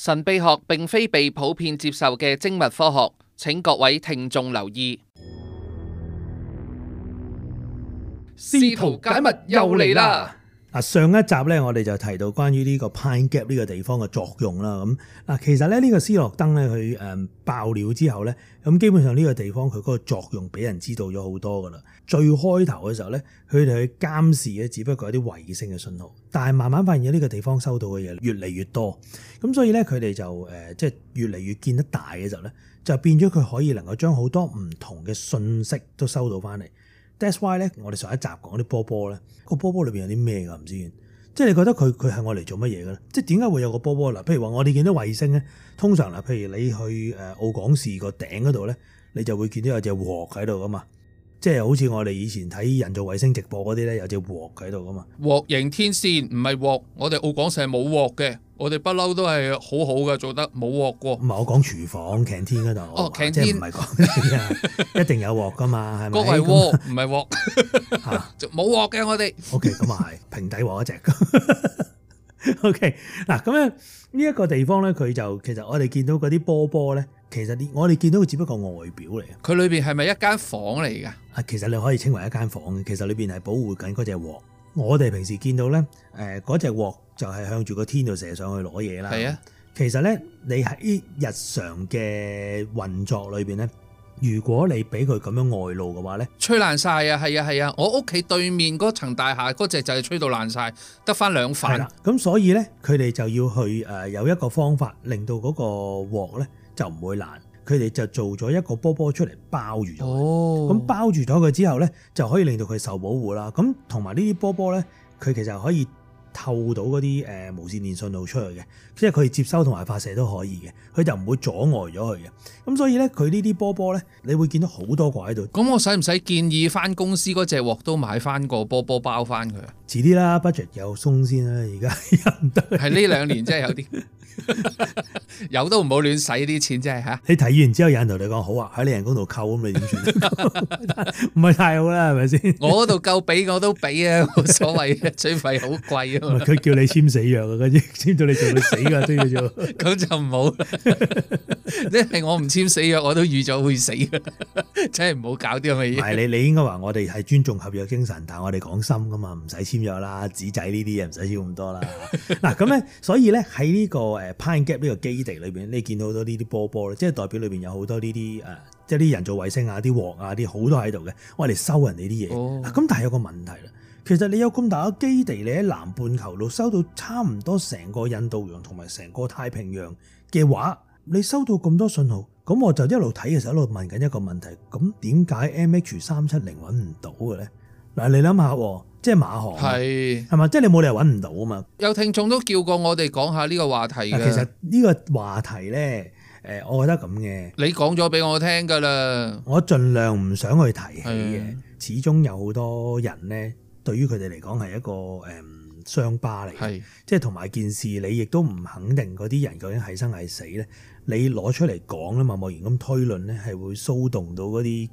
神秘學並非被普遍接受嘅精密科學，請各位聽眾留意。試圖解密又嚟啦！嗱，上一集咧，我哋就提到關於呢個 Pine Gap 呢個地方嘅作用啦。咁嗱，其實咧，呢個斯諾登咧，佢誒爆料之後咧，咁基本上呢個地方佢嗰個作用俾人知道咗好多噶啦。最開頭嘅時候咧，佢哋去監視嘅只不過係一啲衛星嘅信號，但係慢慢發現呢個地方收到嘅嘢越嚟越多，咁所以咧佢哋就誒即係越嚟越見得大嘅時候咧，就變咗佢可以能夠將好多唔同嘅信息都收到翻嚟。That's why 咧，我哋上一集講啲波波咧，波波裏個波波裏面有啲咩噶唔知？即係你覺得佢佢係用嚟做乜嘢嘅咧？即係點解會有個波波嗱？譬如話我哋見到衛星咧，通常嗱，譬如你去誒澳港市個頂嗰度咧，你就會見到有隻鑊喺度㗎嘛。即係好似我哋以前睇人造衛星直播嗰啲咧，有隻鑊喺度噶嘛？鑊形天線唔係鑊，我哋澳港城冇鑊嘅，我哋不嬲都係好好嘅做得冇鑊過。唔係我講廚房 canteen 嗰度，哦，係唔係講呢啲啊？ 一定有鑊噶嘛，係咪？嗰個係鑊，唔係鑊。嚇、啊，冇鑊嘅我哋。 OK，咁啊係平底鑊一隻。 OK，嗱咁樣。呢一個地方咧，佢就其實我哋見到嗰啲波波咧，其實我哋見到佢只不過外表嚟，佢裏面係咪一間房嚟噶？其實你可以稱為一間房嘅，其實裏面係保護緊嗰隻鑊。我哋平時見到咧，嗰隻鑊就係向住個天度射上去攞嘢啦。係啊，其實咧，你喺日常嘅運作裏面咧。如果你俾佢咁樣外露嘅話呢吹爛晒啊！係啊係啊！我屋企對面嗰層大廈嗰隻、那個、就係吹到爛晒，得返兩塊。咁所以呢，佢哋就要去、呃、有一個方法令到嗰個鑊呢就唔會爛。佢哋就做咗一個波波出嚟包住咗。哦，咁包住咗佢之後呢，就可以令到佢受保護啦。咁同埋呢啲波波呢，佢其實可以，透到嗰啲誒無線電信號出去嘅，即係佢接收同埋發射都可以嘅，佢就唔會阻礙咗佢嘅。咁所以咧，佢呢啲波波咧，你會見到好多個喺度。咁我使唔使建議翻公司嗰隻鑊都買翻個波波包翻佢？遲啲啦，budget 有鬆先啦，而家係呢兩年真係有啲。 有都唔好亂使啲錢，真係吓。你睇完之後有人同你講好啊，喺你人工度扣咁，你點算？唔 係 太好啦，係咪先？我嗰度夠俾，我都俾啊，冇所謂啊。取費好貴啊。佢叫你簽死約啊，跟住簽到你就會死噶都要做。咁 就唔好，因 為我唔簽死約，我都預咗會死。真係唔好搞啲咁嘅嘢。唔係你，你應該話我哋係尊重合約精神，但係我哋講心噶嘛，唔使簽約啦，紙仔呢啲嘢唔使簽咁多啦。嗱咁咧，所以咧喺呢、這個誒。Pine Gap 呢個基地裏邊，你見到好多呢啲波波咧，即係代表裏邊有好多呢啲誒，即係啲人造衛星啊、啲鑊啊、啲好多喺度嘅，我哋收人哋啲嘢。咁、oh. 但係有個問題啦，其實你有咁大個基地，你喺南半球路收到差唔多成個印度洋同埋成個太平洋嘅話，你收到咁多信號，咁我就一路睇嘅時候一路問緊一個問題，咁點解 MH 三七零揾唔到嘅咧？嗱，你諗下喎！即係馬航係係嘛？即係你冇理由揾唔到啊嘛！有聽眾都叫過我哋講下呢個話題嘅。其實呢個話題咧，誒，我覺得咁嘅。你講咗俾我聽㗎啦。我盡量唔想去提起嘅。的始終有好多人咧，對於佢哋嚟講係一個誒傷疤嚟。係的即係同埋件事，你亦都唔肯定嗰啲人究竟係生係死咧。你攞出嚟講啊嘛，莫言咁推論咧，係會騷動到嗰啲，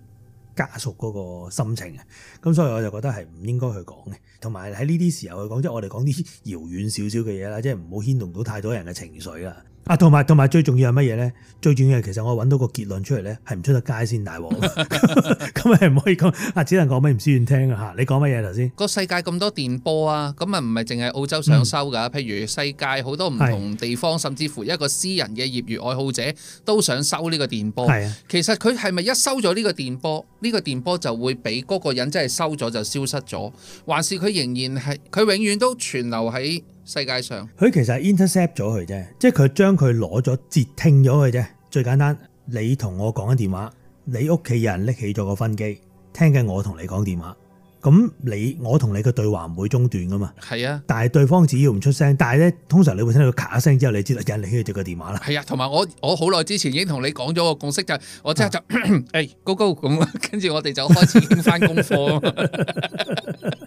家屬嗰個心情啊，咁所以我就覺得係唔應該去講嘅，同埋喺呢啲時候去講，即係我哋講啲遙遠少少嘅嘢啦，即係唔好牽動到太多人嘅情緒啦。啊，同埋同埋最重要係乜嘢呢？最重要係其實我揾到個結論出嚟呢，係唔出得街先大鑊，咁係唔可以講啊， 只能講俾吳思遠聽啊。吓，你講乜嘢頭先？個世界咁多電波啊，咁啊唔係淨係澳洲想收噶，嗯、譬如世界好多唔同地方，是的 甚至乎一個私人嘅業餘愛好者都想收呢個電波。係啊，其實佢係咪一收咗呢個電波，呢、這個電波就會俾嗰個人真係收咗就消失咗，還是佢仍然係佢永遠都存留喺？世界上，佢其實係 intercept 咗佢啫，即係佢將佢攞咗截聽咗佢啫。最簡單，你同我講緊電話，你屋企人拎起咗個分機聽緊我同你講電話，咁你我同你嘅對話唔會中斷㗎嘛。係啊，但係對方只要唔出聲，但係咧通常你會聽到咔一聲之後，你知道有人拎起接個電話啦。係啊，同埋我我好耐之前已經同你講咗個共識就，我即刻就咳咳，哎高高咁，跟住我哋就開始已經翻功課。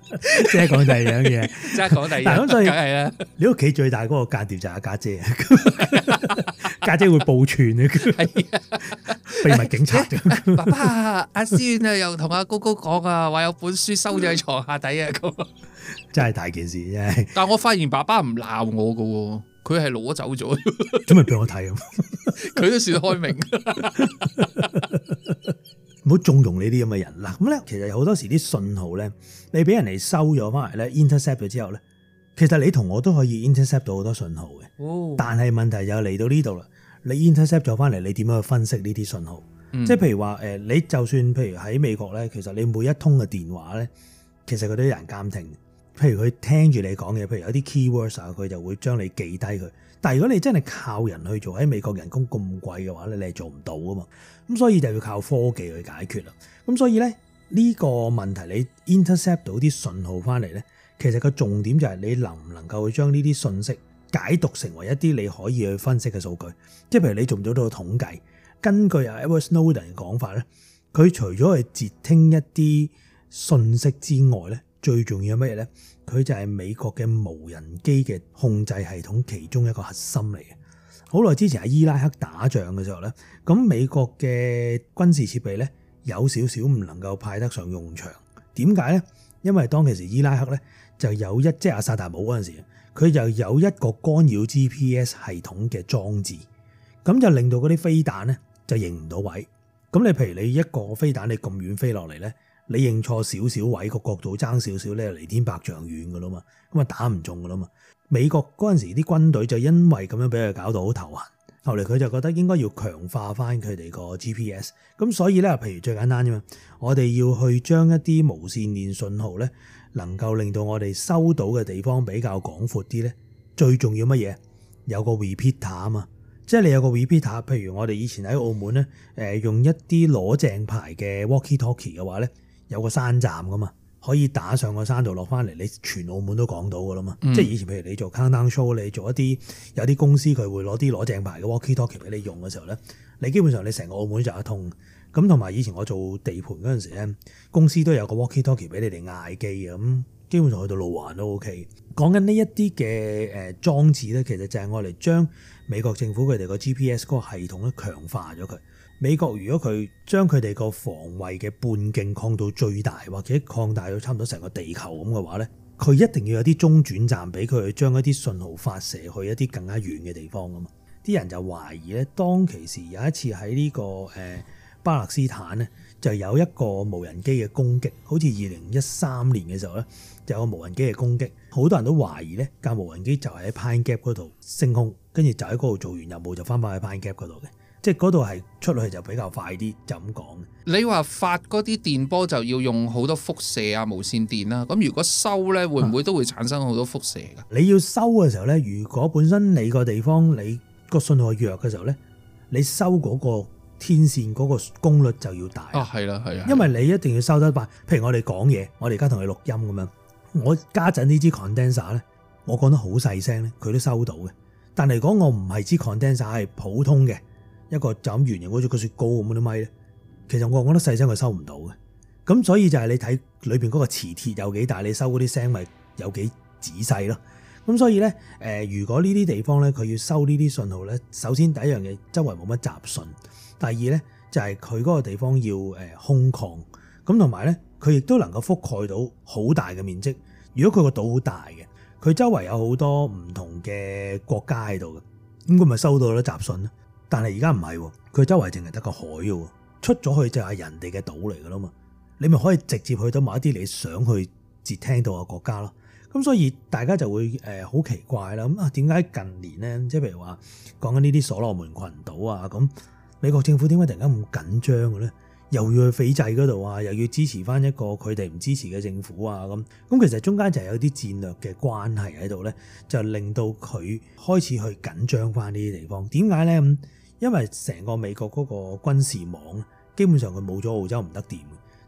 即係講第二樣嘢，即係講第二樣。咁所以係啊，你屋企最大嗰個間諜就係阿家姐，姐，家 姐，姐會報串啊，不如咪警察、哎、 爸爸阿思遠啊，又同阿高高講啊，話有本書收咗喺床下底啊，咁 真係大件事，真係。但我發現爸爸唔鬧我噶，佢係攞走咗，準備俾我睇啊，佢都算開明。 唔好縱容呢啲咁嘅人啦。咁咧，其實有好多時啲信號咧，你俾人哋收咗翻嚟咧，intercept 咗之後咧，其實你同我都可以 intercept 到好多信號嘅。哦，但係問題又嚟到呢度啦。你 intercept 咗翻嚟，你點樣去分析呢啲信號？即、嗯、係譬如話誒，你就算譬如喺美國咧，其實你每一通嘅電話咧，其實佢都有人監聽。譬如佢聽住你講嘅，譬如有啲 keywords 佢就會將你記低佢。但係如果你真係靠人去做，喺美國人工咁貴嘅話咧，你係做唔到啊嘛。咁所以就要靠科技去解決啦。咁所以咧，呢個問題，你 intercept 到啲信號翻嚟咧，其實個重點就係你能唔能夠將呢啲信息解讀成為一啲你可以去分析嘅數據。即係譬如你做唔做到個統計？根據阿 Edward Snowden 嘅講法咧，佢除咗係截聽一啲信息之外咧。最重要係咩嘢咧？佢就係美國嘅無人機嘅控制系統其中一個核心嚟嘅。好耐之前喺伊拉克打仗嘅時候咧，咁美國嘅軍事設備咧，有少少唔能夠派得上用場。點解咧？因為當其時伊拉克咧就有一即係阿薩達姆嗰陣時，佢就有一個干擾 GPS 系統嘅裝置，咁就令到嗰啲飛彈咧就認唔到位。咁你譬如你一個飛彈你咁遠飛落嚟咧。你認錯少少位個角度爭少少咧，離天百丈遠噶啦嘛，咁啊打唔中噶啦嘛。美國嗰陣時啲軍隊就因為咁樣俾佢搞到好頭痕，後嚟佢就覺得應該要強化翻佢哋個 GPS。咁所以咧，譬如最簡單啫嘛，我哋要去將一啲無線電信號咧，能夠令到我哋收到嘅地方比較廣闊啲咧，最重要乜嘢？有個 repeater 啊嘛，即係你有個 repeater。譬如我哋以前喺澳門咧，誒用一啲攞正牌嘅 walkie-talkie 嘅話咧。有個山站噶嘛，可以打上個山度落翻嚟，你全澳門都講到噶啦嘛。嗯、即係以前譬如你做 countdown show，你做一啲有啲公司佢會攞啲攞正牌嘅 walkie talkie 俾你用嘅時候咧，你基本上你成個澳門就一通。咁同埋以前我做地盤嗰陣時咧，公司都有個 walkie talkie 俾你哋嗌機啊。咁基本上去到路環都 OK。講緊呢一啲嘅誒裝置咧，其實就係我嚟將美國政府佢哋個 GPS 嗰個系統咧強化咗佢。美國如果佢將佢哋個防衛嘅半徑擴到最大，或者擴大到差唔多成個地球咁嘅話呢，佢一定要有啲中轉站俾佢去將一啲信號發射去一啲更加遠嘅地方啊嘛！啲人就懷疑呢，當其時有一次喺呢個誒巴勒斯坦呢，就有一個無人機嘅攻擊，好似二零一三年嘅時候呢，就有個無人機嘅攻擊，好多人都懷疑呢架無人機就喺 Pine Gap 嗰度升空，跟住就喺嗰度做完任務就翻返去 Pine Gap 嗰度嘅。即嗰度係出去就比較快啲，就咁講。你話發嗰啲電波就要用好多輻射啊，無線電啦。咁如果收咧，會唔會都會產生好多輻射㗎、啊？你要收嘅時候咧，如果本身你個地方你個信號弱嘅時候咧，你收嗰個天線嗰個功率就要大啊。係啦，係啊。因為你一定要收得快，譬如我哋講嘢，我哋而家同佢錄音咁樣，我家陣呢支 condenser 咧，我講得好細聲咧，佢都收到嘅。但係講我唔係支 condenser，係普通嘅。一個就咁圓形好似佢雪糕咁嗰啲咪咧，其實我講得細聲佢收唔到嘅，咁所以就係你睇裏面嗰個磁鐵有幾大，你收嗰啲聲咪有幾仔細咯。咁所以咧，如果呢啲地方咧，佢要收呢啲信號咧，首先第一樣嘢周圍冇乜雜訊，第二咧就係佢嗰個地方要空曠，咁同埋咧佢亦都能夠覆蓋到好大嘅面積。如果佢個島好大嘅，佢周圍有好多唔同嘅國家喺度嘅，咁佢咪收到好多雜訊。但係而家唔係，佢周圍淨係得個海嘅，出咗去就係人哋嘅島嚟㗎啦嘛。你咪可以直接去到某一啲你想去接聽到嘅國家咯。咁所以大家就會好奇怪啦。咁啊，點解近年咧，即係譬如話講緊呢啲所羅門群島啊，咁美國政府點解突然間咁緊張嘅咧？又要去斐濟嗰度啊，又要支持翻一個佢哋唔支持嘅政府啊咁。咁其實中間就係有啲戰略嘅關係喺度咧，就令到佢開始去緊張翻呢啲地方。點解咧？因為成個美國嗰個軍事網，基本上佢冇咗澳洲唔得掂。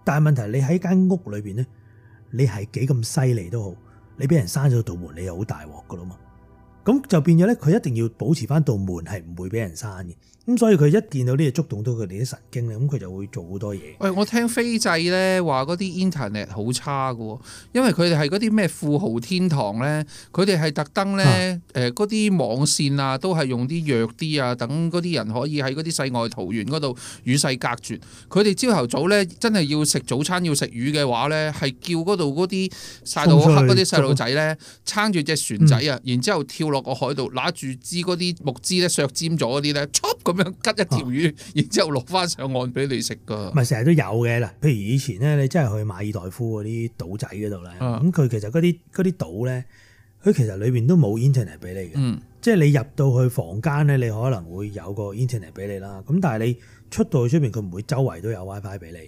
但係問題是你喺間屋裏面呢，你係幾咁犀利都好，你俾人閂咗道門，你又好大鑊㗎啦嘛。咁就變咗咧，佢一定要保持翻道門，係唔會俾人閂嘅。咁所以佢一見到啲嘢觸動到佢哋啲神經，咁佢就會做好多嘢。喂，我聽斐濟咧話嗰啲 internet 好差喎，因為佢哋係嗰啲咩富豪天堂咧，佢哋係特登咧，嗰啲網線啊，都係用啲弱啲啊，等嗰啲人可以喺嗰啲世外桃源嗰度與世隔絕。佢哋朝頭早咧，真係要食早餐要食魚嘅話咧，係叫嗰度嗰啲曬到黑嗰啲細路仔咧撐住隻船仔啊，然之後跳落個海度拿住枝嗰啲木枝咧削尖咗嗰啲咧，撮咁樣吉一條魚，啊、然之後落翻上岸俾你食噶。唔係成日都有嘅啦。譬如以前咧，你真係去馬爾代夫嗰啲島仔嗰度咧，咁佢、啊嗯、其實嗰啲嗰啲島咧，佢其實裏邊都冇 internet 俾你嘅。嗯、即係你入到去房間咧，你可能會有個 internet 俾你啦。咁但係你出到去出邊，佢唔會周圍都有 wifi 俾你。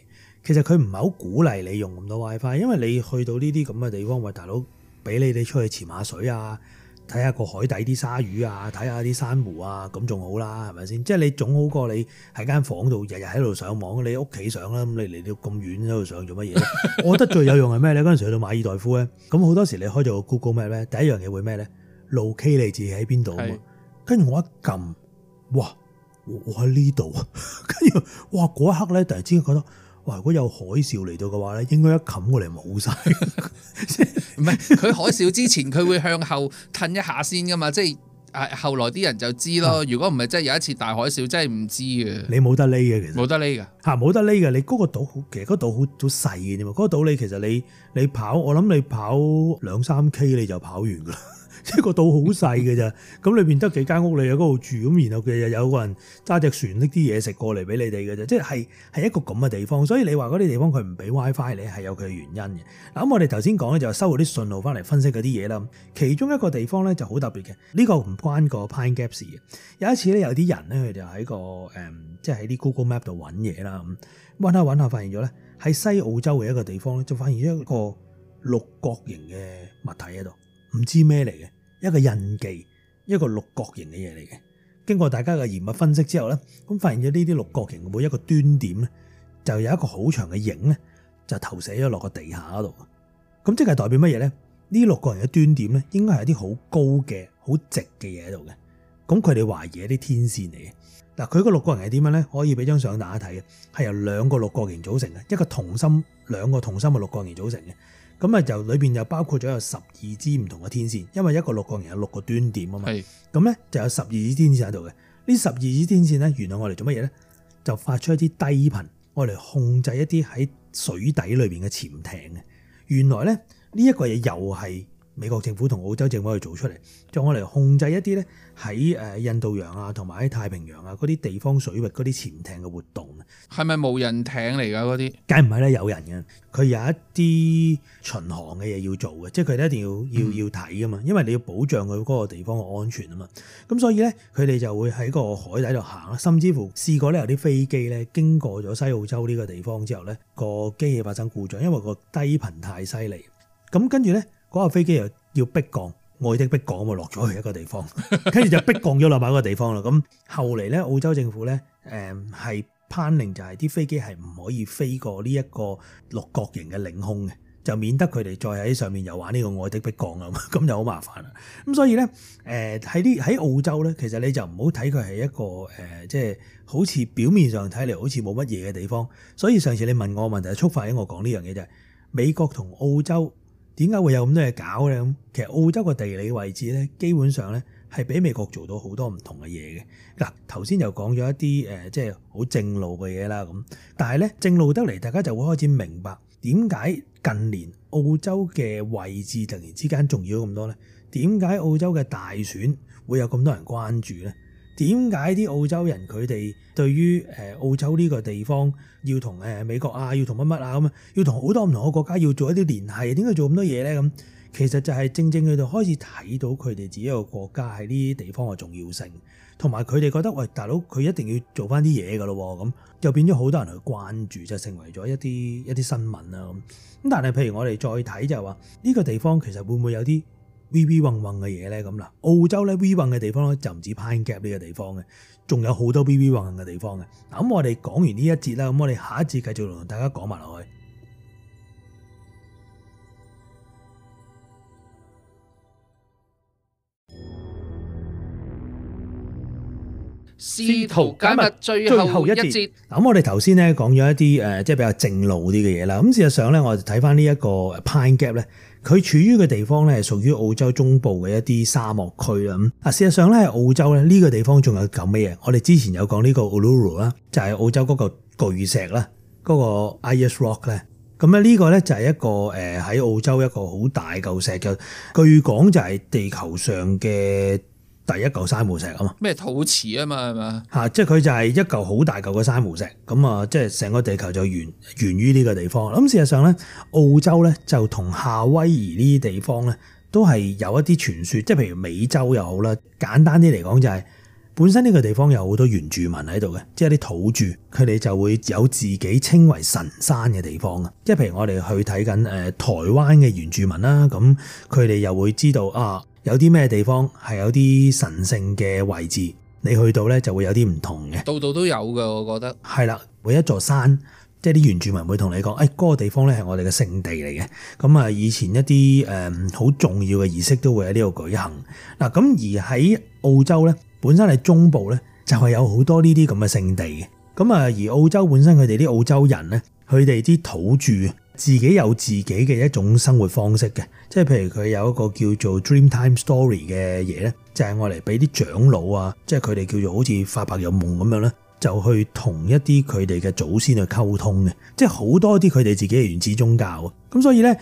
其實佢唔係好鼓勵你用咁多 wifi，因為你去到呢啲咁嘅地方，喂大佬，俾你你出去潛下水啊！啊啊睇下個海底啲鯊魚啊，睇下啲珊瑚啊，咁仲好啦，係咪先？即係你總好過你喺間房度日日喺度上網，你屋企上啦。咁你嚟到咁遠喺度上做乜嘢？ 我覺得最有用係咩咧？嗰陣時去到馬爾代夫咧，咁好多時你開咗個 Google Map 咧，第一樣嘢會咩咧？路 K 你自己喺邊度？跟住我一撳，哇！我喺呢度，跟住哇嗰一刻咧，突然之間覺得～哇！如果有海嘯嚟到嘅話咧，應該一冚過嚟冇晒。唔係，佢海嘯之前佢會向後褪一下先噶嘛，即係啊！後來啲人就知咯。如果唔係，真係有一次大海嘯，真係唔知嘅。你冇得匿嘅，其實冇得匿噶吓，冇得匿噶。你嗰個島好，其實嗰島好都細嘅啫嘛。嗰個島你其實你你跑，我諗你跑兩三 K 你就跑完噶啦。即 係個島好細嘅咋，咁裏邊得幾間屋你喺嗰度住，咁然後佢又有個人揸隻船拎啲嘢食過嚟俾你哋嘅啫，即係係一個咁嘅地方。所以你話嗰啲地方佢唔俾 WiFi，你係有佢嘅原因嘅。嗱咁我哋頭先講咧就係收嗰啲信號翻嚟分析嗰啲嘢啦。其中一個地方咧就好特別嘅，呢、呢個唔關個 Pine Gap 事嘅。有一次咧有啲人咧佢就喺個誒即係喺啲 Google Map 度揾嘢啦，咁揾下揾下發現咗咧喺西澳洲嘅一個地方咧就發現一個六角形嘅物體喺度，唔知咩嚟嘅。一個印記，一個六角形嘅嘢嚟嘅。經過大家嘅嚴密分析之後咧，咁發現咗呢啲六角形嘅每一個端點咧，就有一個好長嘅影咧，就投射咗落個地下嗰度。咁即係代表乜嘢咧？呢六角形嘅端點咧，應該係一啲好高嘅、好直嘅嘢喺度嘅。咁佢哋懷疑係啲天線嚟嘅。嗱，佢個六角形係點樣咧？可以俾張相大家睇嘅，係由兩個六角形組成嘅，一個同心、兩個同心嘅六角形組成嘅。咁啊，就裏邊又包括咗有十二支唔同嘅天線，因為一個六角形有六個端點啊嘛。係，咁咧就有十二支天線喺度嘅。呢十二支天線咧，原來我哋做乜嘢咧？就發出一啲低頻，我嚟控制一啲喺水底裏邊嘅潛艇嘅。原來咧，呢一個嘢又係。美國政府同澳洲政府去做出嚟，就我嚟控制一啲咧喺誒印度洋啊，同埋喺太平洋啊嗰啲地方水域嗰啲潛艇嘅活動。係咪冇人艇嚟㗎嗰啲？梗唔係啦，有人嘅。佢有一啲巡航嘅嘢要做嘅，即係佢哋一定要要要睇㗎嘛，因為你要保障佢嗰個地方嘅安全啊嘛。咁所以咧，佢哋就會喺個海底度行啦，甚至乎試過咧有啲飛機咧經過咗西澳洲呢個地方之後咧，個機器發生故障，因為個低頻太犀利。咁跟住咧。嗰、那個飛機又要迫降，愛的迫降落咗去一個地方，跟住就迫降咗落埋嗰個地方啦。咁 後嚟咧，澳洲政府咧，誒係頒令，頒就係啲飛機係唔可以飛過呢一個六角形嘅領空嘅，就免得佢哋再喺上面又玩呢個愛的迫降啊！咁就好麻煩啦。咁所以咧，喺啲喺澳洲咧，其實你就唔好睇佢係一個即係、呃就是、好似表面上睇嚟好似冇乜嘢嘅地方。所以上次你問我問問題，觸發喺我講呢樣嘢就係美國同澳洲。點解會有咁多嘢搞呢？其實澳洲個地理位置咧，基本上咧係俾美國做到好多唔同嘅嘢嘅。嗱，頭先又講咗一啲誒，即係好正路嘅嘢啦。咁但係咧，正路得嚟，大家就會開始明白點解近年澳洲嘅位置突然之間重要咁多呢？點解澳洲嘅大選會有咁多人關注呢？點解啲澳洲人佢哋對於誒澳洲呢個地方要同誒美國啊，要同乜乜啊咁，要同好多唔同嘅國家要做一啲聯繫？點解做咁多嘢咧？咁其實就係正正佢哋開始睇到佢哋自己個國家喺呢啲地方嘅重要性，同埋佢哋覺得喂，大佬佢一定要做翻啲嘢噶咯咁，就變咗好多人去關注，就成為咗一啲一啲新聞啦咁。咁但係譬如我哋再睇就係話呢個地方其實會唔會有啲？V V 運運嘅嘢咧咁啦，澳洲咧 V V 運嘅地方咧就唔止 Pine Gap 呢個地方嘅，仲有好多 V V 運運嘅地方嘅。嗱，咁我哋講完呢一節啦，咁我哋下一節繼續同大家講埋落去。試圖解密，最後一節。嗱，咁我哋頭先咧講咗一啲誒，即係比較正路啲嘅嘢啦。咁事實上咧，我哋睇翻呢一個 Pine Gap 咧，佢處於嘅地方咧，係屬於澳洲中部嘅一啲沙漠區啦。咁事實上咧，澳洲咧呢個地方仲有咁咩嘢？我哋之前有講呢個 Uluru 啦，就係澳洲嗰嚿巨石啦，嗰個 Ayers Rock 咧。咁咧呢個咧就係一個誒，喺澳洲一個好大嚿石嘅，據講就係地球上嘅。係、就是、一嚿珊瑚石啊嘛，咩土池啊嘛，係咪？吓，即係佢就係一嚿好大嚿嘅珊瑚石，咁啊，即係成個地球就源源於呢個地方。咁事實上咧，澳洲咧就同夏威夷呢啲地方咧，都係有一啲傳說，即係譬如美洲又好啦。簡單啲嚟講就係、是，本身呢個地方有好多原住民喺度嘅，即係啲土著，佢哋就會有自己稱為神山嘅地方嘅。即係譬如我哋去睇緊誒台灣嘅原住民啦，咁佢哋又會知道啊。有啲咩地方係有啲神聖嘅位置？你去到呢就會有啲唔同嘅。度度都有嘅，我覺得。係啦，每一座山，即係啲原住民會同你講，誒嗰個地方呢係我哋嘅聖地嚟嘅。咁啊，以前一啲誒好重要嘅儀式都會喺呢度舉行。嗱，咁而喺澳洲呢，本身係中部呢，就係有好多呢啲咁嘅聖地嘅。咁啊，而澳洲本身，佢哋啲澳洲人呢，佢哋啲土著。自己有自己嘅一種生活方式嘅，即係譬如佢有一個叫做 Dreamtime Story 嘅嘢咧，就係愛嚟俾啲長老啊，即係佢哋叫做好似發白日夢咁樣咧，就去同一啲佢哋嘅祖先去溝通嘅，即係好多啲佢哋自己嘅原始宗教啊。咁所以咧，誒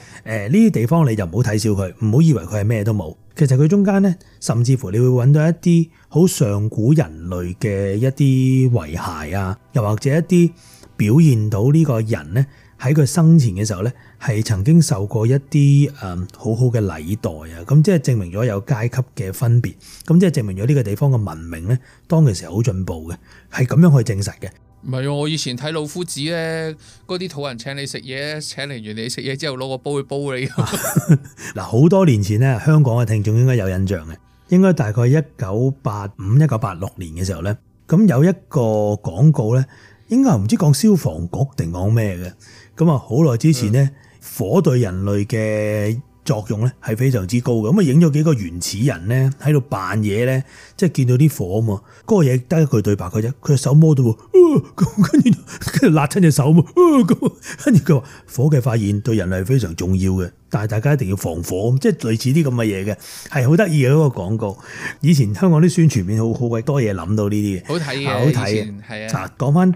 呢啲地方你就唔好睇小佢，唔好以為佢係咩都冇。其實佢中間咧，甚至乎你會揾到一啲好上古人類嘅一啲遺骸啊，又或者一啲表現到呢個人咧。喺佢生前嘅時候呢，係曾經受過一啲誒、嗯、好好嘅禮待啊，咁即係證明咗有階級嘅分別，咁即係證明咗呢個地方嘅文明呢，當其時候好進步嘅，係咁樣去證實嘅。唔係我以前睇老夫子呢，嗰啲土人請你食嘢，請嚟完你食嘢之後攞個煲去煲你。嗱，好多年前呢，香港嘅聽眾應該有印象嘅，應該大概一九八五、一九八六年嘅時候呢，咁有一個廣告呢，應該唔知講消防局定講咩嘅。咁啊，好耐之前咧，火對人類嘅作用咧係非常之高嘅。咁啊，影咗幾個原始人咧喺度扮嘢咧，即係見到啲火啊嘛。嗰、那個嘢得一句對白嘅啫，佢隻手摸到，咁跟住跟住辣親隻手啊，咁，跟住佢話火嘅發現對人類非常重要嘅。但係大家一定要防火，即係類似啲咁嘅嘢嘅，係好得意嘅嗰個廣告。以前香港啲宣傳片好好鬼多嘢諗到呢啲嘢，好睇嘅，好睇嘅。講翻誒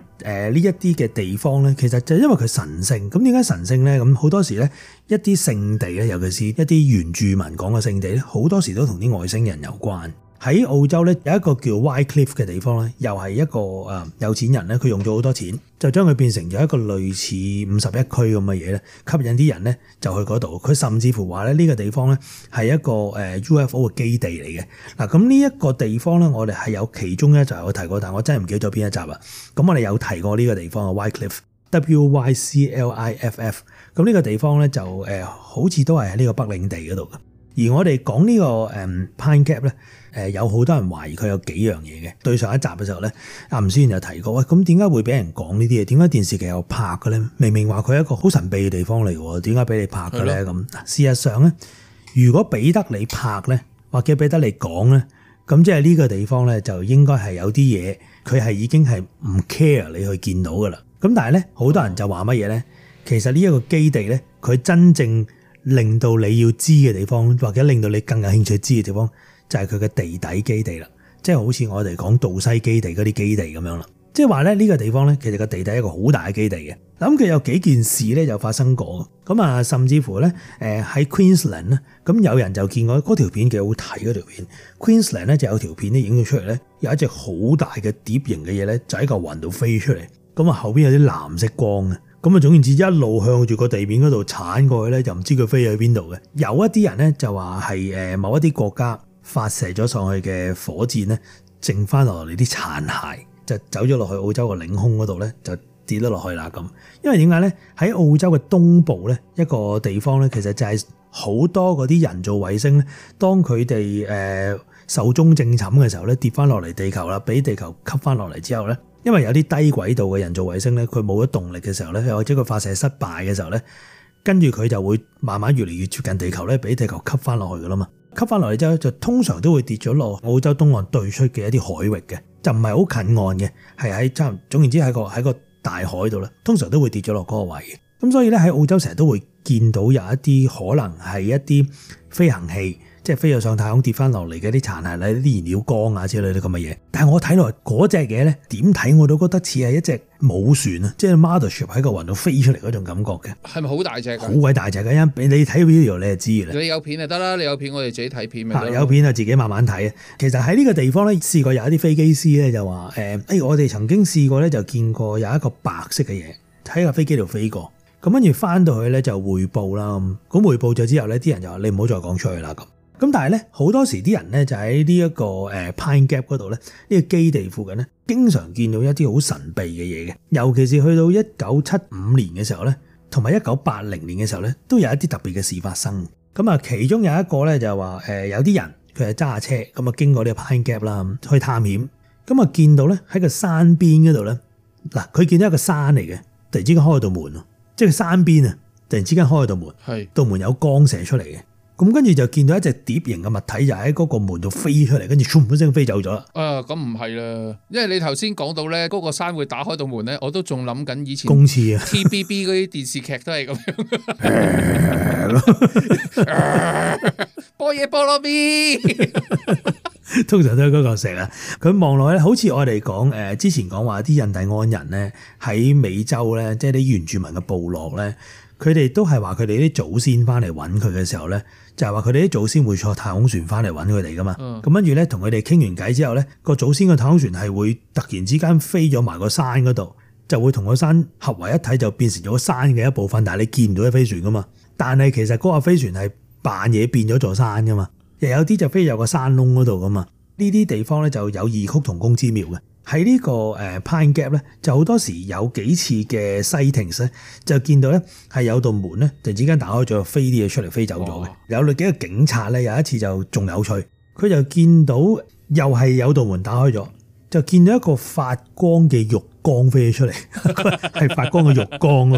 呢一啲嘅地方咧，其實就因為佢神聖。咁點解神聖咧？咁好多時咧一啲聖地咧，尤其是一啲原住民講嘅聖地咧，好多時都同啲外星人有關。喺澳洲咧有一個叫 Wycliff 嘅地方咧，又係一個誒有錢人咧，佢用咗好多錢就將佢變成咗一個類似五十一區咁嘅嘢咧，吸引啲人咧就去嗰度。佢甚至乎話咧呢個地方咧係一個誒 UFO 嘅基地嚟嘅。嗱，咁呢一個地方咧，我哋係有其中一集我提過，但我真係唔記得咗邊一集啊。咁我哋有提過呢個地方嘅 Wycliff W Y C L I F F。咁呢個地方咧就誒好似都係喺呢個北領地嗰度嘅。而我哋講呢個誒 Pine Gap 咧。誒有好多人懷疑佢有幾樣嘢嘅。對上一集嘅時候咧，阿吳思遠就提過，喂，咁點解會俾人講呢啲嘢？點解電視劇有拍嘅咧？明明話佢係一個好神秘嘅地方嚟喎，點解俾你拍嘅咧？咁事實上咧，如果俾得你拍咧，或者俾得你講咧，咁即係呢個地方咧，就應該係有啲嘢，佢係已經係唔 care 你去見到㗎啦。咁但係咧，好多人就話乜嘢咧？其實呢一個基地咧，佢真正令到你要知嘅地方，或者令到你更有興趣知嘅地方，就係佢嘅地底基地啦，即係好似我哋講道西基地嗰啲基地咁樣啦。即係話咧，呢個地方咧，其實個地底係一個好大嘅基地嘅。咁佢有幾件事咧就發生過，咁啊，甚至乎咧，誒喺 Queensland 咧，咁有人就見過嗰條片幾好睇嗰條片。Queensland 咧就有條片咧影咗出嚟咧，有一隻好大嘅碟形嘅嘢咧，就喺個雲度飛出嚟。咁啊，後邊有啲藍色光啊。咁啊總言之一路向住個地面嗰度鏟過去咧，就唔知佢飛去邊度嘅。有一啲人咧就話係誒某一啲國家。發射咗上去嘅火箭咧，剩翻落嚟啲殘骸就走咗落去澳洲嘅領空嗰度咧，就跌咗落去啦咁。因為點解咧？喺澳洲嘅東部咧一個地方咧，其實就係好多嗰啲人造衛星咧，當佢哋誒壽終正寢嘅時候咧，跌翻落嚟地球啦，俾地球吸翻落嚟之後咧，因為有啲低軌道嘅人造衛星咧，佢冇咗動力嘅時候咧，或者佢發射失敗嘅時候咧，跟住佢就會慢慢越嚟越接近地球咧，俾地球吸翻落去噶啦嘛。吸翻落嚟之後就通常都會跌咗落澳洲東岸對出嘅一啲海域嘅，就唔係好近岸嘅，係喺差，總言之喺個喺個大海度咧，通常都會跌咗落嗰個位嘅。咁所以咧喺澳洲成日都會見到有一啲可能係一啲飛行器。即係飛咗上太空跌翻落嚟嘅啲殘骸啦、啲燃料缸啊之類啲咁嘅嘢。但係我睇落嗰隻嘢咧，點睇我都覺得似係一隻母船啊，即係 mother ship 喺個雲度飛出嚟嗰種感覺嘅。係咪好大隻？好鬼大隻嘅，因俾你睇 video 你就知啦。你有片就得啦，你有片我哋自己睇片咪、嗯、有片啊，自己慢慢睇啊。其實喺呢個地方咧，試過有一啲飛機師咧就話誒，誒、欸、我哋曾經試過咧就見過有一個白色嘅嘢喺個飛機度飛過，咁跟住翻到去咧就彙報啦。咁彙報咗之後咧，啲人就話你唔好再講出去啦咁。咁但係咧，好多時啲人咧就喺呢一個 Pine Gap 嗰度咧，呢個基地附近咧，經常見到一啲好神秘嘅嘢嘅。尤其是去到一九七五年嘅時候咧，同埋一九八零年嘅時候咧，都有一啲特別嘅事發生。咁啊，其中有一個咧就係話誒，有啲人佢係揸架車咁啊，經過呢個 Pine Gap 啦，去探險。咁啊，見到咧喺個山邊嗰度咧，嗱，佢見到一個山嚟嘅，突然之間開到門，即係山邊啊，突然之間開到道門，到門有光射出嚟嘅。咁跟住就見到一隻碟型嘅物體，就喺嗰個門度飛出嚟，跟住唰唔聲飛走咗。咁唔係啦，因為你頭先講到咧，嗰個山會打開道門咧，我都仲諗緊以前公廁啊，TBB 嗰啲電視劇都係咁樣。啊、 波耶菠蘿 B，通常都係嗰個食啊。佢望落咧，好似我哋講誒，之前講話啲印第安人咧喺美洲咧，即係啲原住民嘅部落咧，佢哋都係話佢哋啲祖先翻嚟揾佢嘅時候咧。就係話佢哋啲祖先會坐太空船翻嚟揾佢哋噶嘛，咁、嗯、跟住咧同佢哋傾完偈之後咧，個祖先個太空船係會突然之間飛咗埋個山嗰度，就會同個山合為一體，就變成咗山嘅一部分。但係你見唔到啲飛船噶嘛？但係其實嗰個飛船係扮嘢變咗座山噶嘛，又有啲就飛入個山窿嗰度噶嘛。呢啲地方咧就有異曲同工之妙嘅。喺呢個誒 Pine Gap 咧，就好多時有幾次嘅 sightings 咧，就見到咧係有道門咧，突然之間打開咗，飛啲嘢出嚟飛走咗嘅。有幾個警察咧，有一次就仲有趣，佢就見到又係有道門打開咗，就見到一個發光嘅肉。光飛出嚟，係發光嘅浴缸。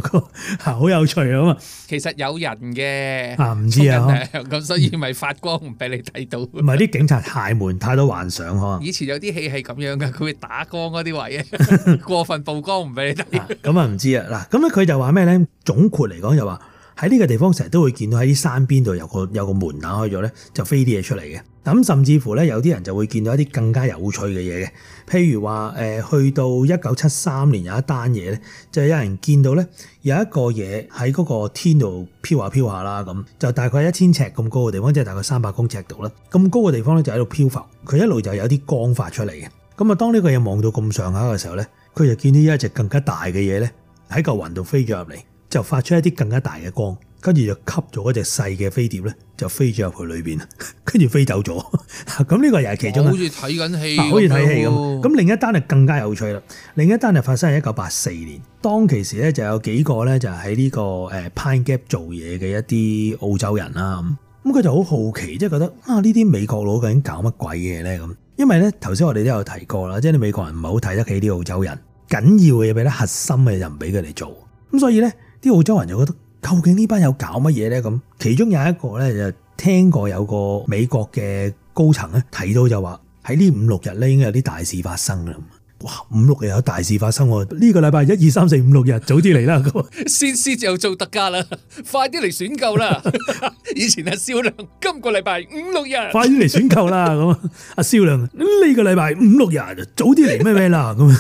啊，好有趣啊嘛！ 其實有人嘅，啊唔知道啊，咁所以咪發光唔俾你睇到。唔係啲警察太悶，太多幻想嗬。以前有啲戲係咁樣噶，佢會打光嗰啲位置， 過分曝光唔俾你睇。咁啊唔知啊，嗱咁咧佢就話咩咧？總括嚟講就話喺呢個地方成日都會見到喺啲山邊度有個有個門打開咗咧，就飛啲嘢出嚟嘅。咁甚至乎咧，有啲人就會見到一啲更加有趣嘅嘢嘅，譬如話誒去到一九七三年有一單嘢咧，就有人見到咧有一個嘢喺嗰個天度飄下飄下啦，咁就大概一千尺咁高嘅地方，即係大概三百公尺度啦，咁高嘅地方咧就喺度飄浮，佢一路就有啲光發出嚟嘅。咁啊，當呢個嘢望到咁上下嘅時候咧，佢就見到一隻更加大嘅嘢咧喺嚿雲度飛咗入嚟，就發出一啲更加大嘅光。跟住就吸咗嗰隻細嘅飛碟咧，就飛咗入去裏邊，跟住飛走咗。咁呢個又係其中。好似睇緊戲，好似睇戲咁。咁另一單就更加有趣啦。另一單就發生喺一九八四年，當其時咧就有幾個咧就喺呢個誒 Pine Gap 做嘢嘅一啲澳洲人啦。咁佢就好好奇，即係覺得啊呢啲美國佬究竟搞乜鬼嘢呢？咁，因為咧頭先我哋都有提過啦，即係啲美國人唔係好睇得起啲澳洲人，緊要嘅嘢俾咧核心嘅嘢就唔俾佢哋做。咁所以呢，啲澳洲人就覺得。究竟呢班友搞乜嘢咧？咁其中有一個咧就聽過有個美國嘅高層咧，睇到就話喺呢五六日咧應該有啲大事發生啦！哇，五六日有大事發生，呢個禮拜一二三四五六日早啲嚟啦！咁先師就做特價啦，快啲嚟選購啦！ 以前阿少亮，今個禮拜五六日快啲嚟選購啦！咁阿少亮呢個禮拜五六日就早啲嚟咩咩啦？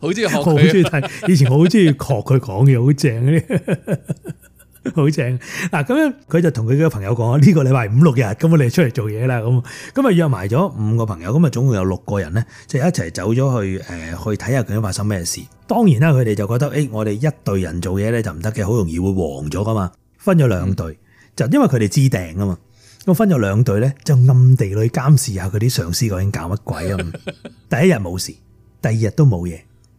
好中意學佢好中意睇。以前我好中意學佢講嘢，好正，好正。嗱 咁樣，佢就同佢嘅朋友講：，呢個禮拜五六日，咁我哋出嚟做嘢啦。咁咁啊，約埋咗五個朋友，咁啊，總共有六個人咧，就一齊走咗去誒，去睇下究竟發生咩事。當然啦，佢哋就覺得：，誒、欸，我哋一隊人做嘢咧就唔得嘅，好容易會黃咗噶嘛。分咗兩隊，就因為佢哋知定啊嘛。咁分咗兩隊咧，就暗地裏監視下佢啲上司究竟搞乜鬼啊。 第一日冇事，第二日都冇嘢。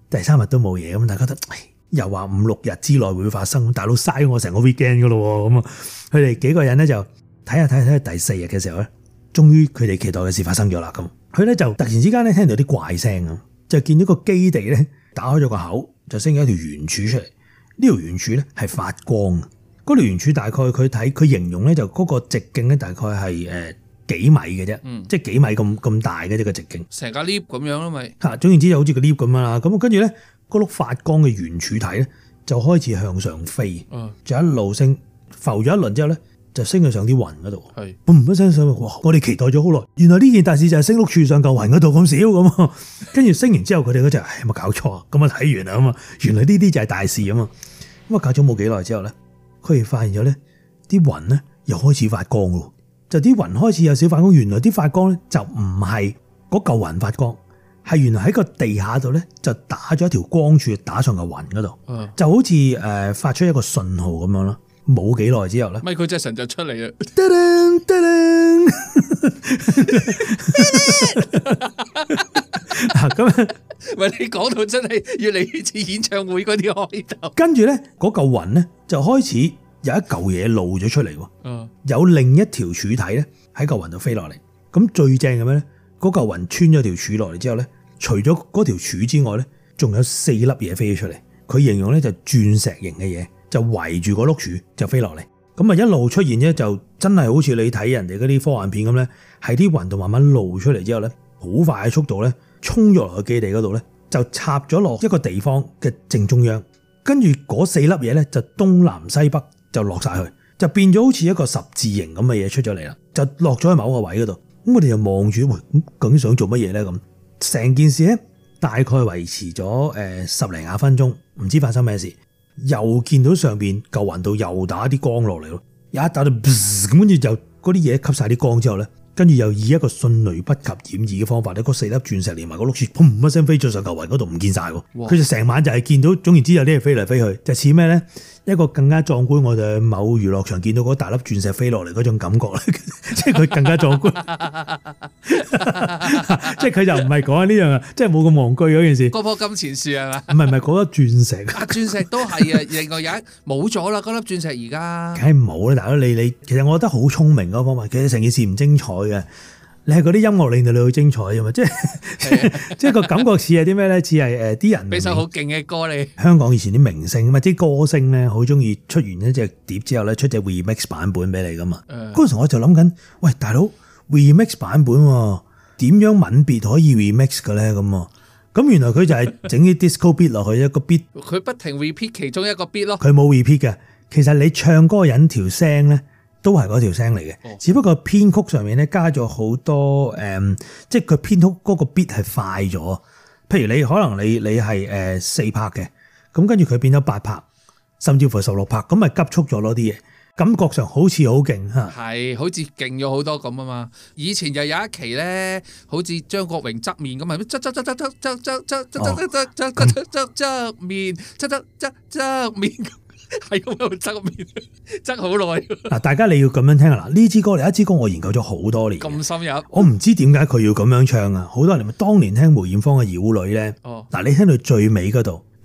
第三日都冇嘢咁，大家覺得又話五六日之內會發生，大佬嘥我成個 weekend 噶咯喎，咁啊，佢哋幾個人咧就睇下睇下睇下第四日嘅時候咧，終於佢哋期待嘅事發生咗啦，咁佢咧就突然之間咧聽到啲怪聲就見到個基地咧打開咗個口，就升起一條圓柱出嚟，呢條圓柱咧係發光，嗰條圓柱大概佢睇佢形容咧就嗰個直徑咧大概係幾米嘅啫、嗯，即係幾米咁咁大嘅呢、呢個直徑，成架 lift 咁樣咯咪。吓，總言之就好似個 lift 咁樣啦。咁跟住咧，個碌發光嘅圓柱體咧，就開始向上飛，嗯、就一路升，浮咗一輪之後咧，就升咗上啲雲嗰度。係，唔一聲上我哋期待咗好耐，原來呢件大事就係升碌柱上嚿雲嗰度咁小咁。跟住升完之後，佢哋嗰陣有冇搞錯？咁啊睇完啦嘛，原來呢啲就係大事啊嘛。咁啊搞咗冇幾耐之後咧，佢哋發現咗咧，啲雲咧又開始發光咯。就啲雲開始有小反光，原來啲發光咧就唔係嗰嚿雲發光，係原來喺個地下度咧就打咗一條光柱打上個雲嗰度，就好似誒發出一個信號咁樣咯。冇幾耐之後咧，Michael Jackson 就出嚟啦！咁喂，你講到真係越嚟越似演唱會嗰啲開頭。跟住咧嗰嚿雲咧就開始。有一嚿嘢露咗出嚟喎，有另一條柱體咧喺嚿雲度飛落嚟。咁最正嘅咩咧？嗰嚿雲穿咗條柱落嚟之後咧，除咗嗰條柱之外咧，仲有四粒嘢飛咗出嚟。佢形容咧就鑽石形嘅嘢，就圍住嗰碌柱就飛落嚟。咁啊一路出現呢，就真係好似你睇人哋嗰啲科幻片咁咧，喺啲雲度慢慢露出嚟之後咧，好快嘅速度咧，衝咗落去基地嗰度咧，就插咗落一個地方嘅正中央。跟住嗰四粒嘢咧，就東南西北。就落晒去，就變咗好似一個十字形咁嘅嘢出咗嚟啦，就落咗喺某個位嗰度。咁我哋就望住，究竟想做乜嘢呢？咁成件事咧，大概維持咗誒十零廿分鐘，唔知發生咩事，又見到上邊舊雲度又打啲光落嚟咯，一打到咁，跟住就嗰啲嘢吸晒啲光之後咧，跟住又以一個迅雷不及掩耳嘅方法咧，嗰四粒鑽石連埋個碌樹，砰一聲飛咗上舊雲嗰度，唔見晒。佢就成晚就係見到，總言之有啲嘢飛嚟飛去，就似咩呢？一個更加壯觀，我就喺某娛樂場見到嗰大粒鑽石飛落嚟嗰種感覺啦， 即係佢更加壯觀。 即係佢就唔係講緊呢樣啊，即係冇咁憨居嗰件事。嗰棵金錢樹係嘛？唔係唔係講咗鑽石的、啊，鑽石都係啊，另外有一冇咗啦，嗰粒鑽石而家。梗係冇啦，大佬你你，其實我覺得好聰明嗰方面，其實成件事唔精彩嘅。你係嗰啲音樂令到你好精彩啊嘛！即係即係，個感覺似係啲咩咧？似係誒啲人俾首好勁嘅歌你。香港以前啲明星嘛，即係歌星咧，好中意出完一隻碟之後咧，出隻 remix 版本俾你噶嘛。嗰、嗯、陣時我就諗緊，喂大佬 remix 版本點樣吻別可以 remix 嘅咧？咁咁原來佢就係整啲 disco beat 落去 一個 beat，佢不停 repeat 其中一個 beat 咯。佢冇 repeat 嘅，其實你唱歌引條聲咧。都係嗰條聲嚟嘅、哦，只不過編曲上面咧加咗好多誒、嗯，即係佢編曲嗰個 beat 係快咗。譬如你可能你你係四拍嘅，咁跟住佢變咗八拍，甚至乎十六拍，咁咪急速咗囉啲嘢，感覺上好似好勁，係，好似勁咗好多咁啊嘛。以前又有一期咧，好似張國榮側面咁啊、哦，側側側側側側側側側側側側側側面，側側側側面。喺咁度側面側好耐嗱，大家你要咁樣聽啊！嗱，呢支歌你，一支歌我研究咗好多年，咁深入，我唔知點解佢要咁樣唱啊！好多人咪當年聽梅艷芳嘅《妖女》咧，哦，嗱你聽到最尾嗰度。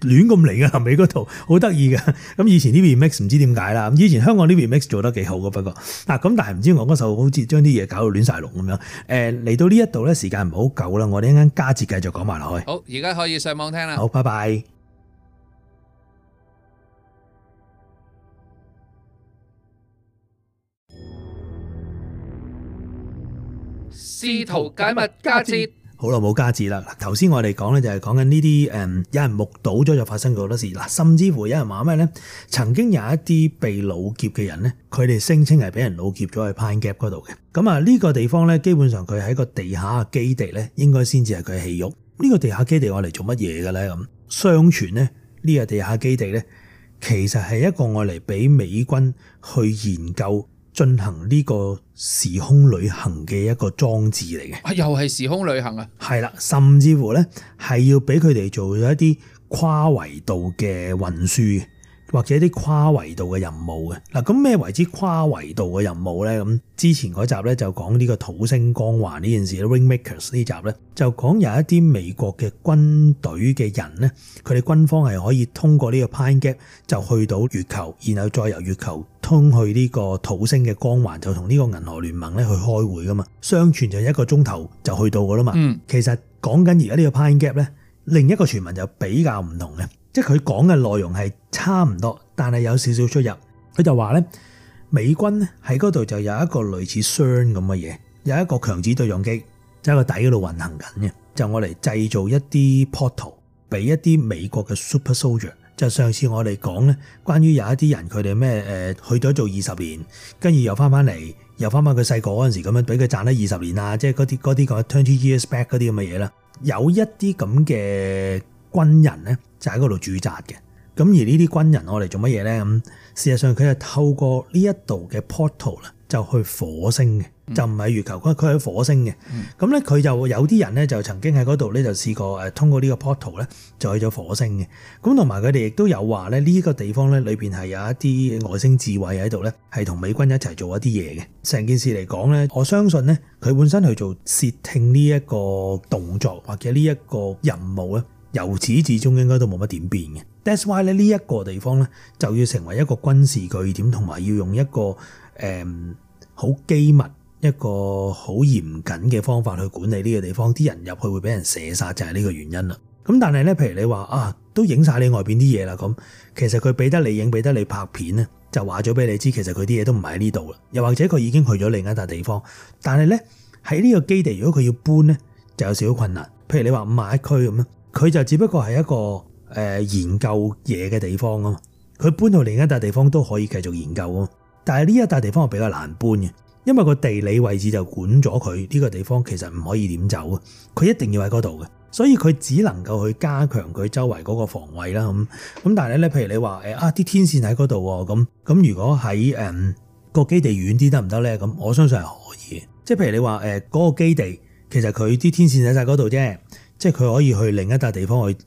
亂咁嚟嘅，後尾嗰套好得意㗎！咁以前呢邊 remix 唔知點解啦。咁以前香港呢邊 remix 做得幾好㗎，不過嗱咁，但係唔知我嗰時候好似將啲嘢搞到亂晒龍咁樣。誒嚟到呢一度咧，時間唔係好夠啦，我哋一陣間加節繼續講埋落去。好，而家可以上網聽啦。好，拜拜。試圖解密加節。好耐冇加字啦。嗱，頭先我哋講咧就係講緊呢啲誒，有人目睹咗就發生好多事。嗱，甚至乎有人話咩呢？曾經有一啲被擄劫嘅人呢，佢哋聲稱係俾人擄劫咗去 Pine Gap 嗰度嘅。咁啊，呢、這個地方呢，基本上佢喺個地下基地呢，應該先至係佢嘅戲肉。呢、這個地下基地我嚟做乜嘢嘅呢？咁、嗯、相傳呢，呢、這個地下基地呢，其實係一個我嚟俾美軍去研究。進行呢個時空旅行嘅一個裝置嚟嘅，又係時空旅行啊，係啦，甚至乎咧係要俾佢哋做一啲跨維度嘅運輸。或者啲跨維度嘅任務嘅嗱，咁咩為之跨維度嘅任務呢？咁之前嗰集咧就講呢個土星光環呢件事 Ringmakers 呢集呢，就講有一啲美國嘅軍隊嘅人呢，佢哋軍方係可以通過呢個 Pine Gap 就去到月球，然後再由月球通去呢個土星嘅光環，就同呢個銀河聯盟咧去開會噶嘛，相傳就一個鐘頭就去到噶啦嘛。嗯，其實講緊而家呢個 Pine Gap 呢，另一個傳聞就比較唔同嘅。即係佢講嘅內容係差唔多，但係有少少出入。佢就話咧，美軍咧喺嗰度就有一個類似箱咁嘅嘢，有一個強子對撞機，就喺個底嗰度運行緊嘅，就我嚟製造一啲 portal 俾一啲美國嘅 super soldier。就上次我哋講咧，關於有一啲人佢哋咩誒去咗做二十年，跟住又翻翻嚟，又翻翻佢細個嗰陣時咁樣俾佢賺咗二十年啊，即係嗰啲嗰啲個 twenty years back 嗰啲咁嘅嘢啦。有一啲咁嘅軍人咧。就喺嗰度駐紮嘅，咁而呢啲軍人我哋做乜嘢呢？咁、嗯、事實上佢係透過呢一度嘅 portal 啦，就去火星嘅，就唔係月球，佢佢喺火星嘅。咁咧佢就有啲人咧就曾經喺嗰度咧就試過誒通過呢個 portal 咧就去咗火星嘅。咁同埋佢哋亦都有話咧呢個地方咧裏面係有一啲外星智慧喺度咧，係同美軍一齊做一啲嘢嘅。成件事嚟講咧，我相信咧佢本身去做竊聽呢一個動作或者呢一個任務咧。由始至終應該都冇乜點變嘅。That's why 咧呢一個地方咧就要成為一個軍事據點，同埋要用一個誒好、嗯、機密、一個好嚴謹嘅方法去管理呢個地方。啲人入去會俾人射殺，就係、是、呢個原因啦。咁但係咧，譬如你話啊，都影晒你外邊啲嘢啦，咁其實佢俾得你影，俾得你,你拍片咧，就話咗俾你知，其實佢啲嘢都唔係喺呢度啦。又或者佢已經去咗另一笪地方。但係咧喺呢個基地，如果佢要搬咧就有少少困難。譬如你話五十一區咁佢就只不過係一個誒、呃、研究嘢嘅地方啊嘛，佢搬到另一笪地方都可以繼續研究啊。但係呢一笪地方我比較難搬嘅，因為個地理位置就管咗佢呢個地方，其實唔可以點走啊。佢一定要喺嗰度嘅，所以佢只能夠去加強佢周圍嗰個防衛啦。咁咁但係咧，譬如你話啊啲天線喺嗰度喎，咁咁如果喺誒、嗯嗰個基地遠啲得唔得咧？咁我相信係可以。即係譬如你話嗰、啊嗰個基地，其實佢啲天線喺晒嗰度啫。即係佢可以去另一笪地方去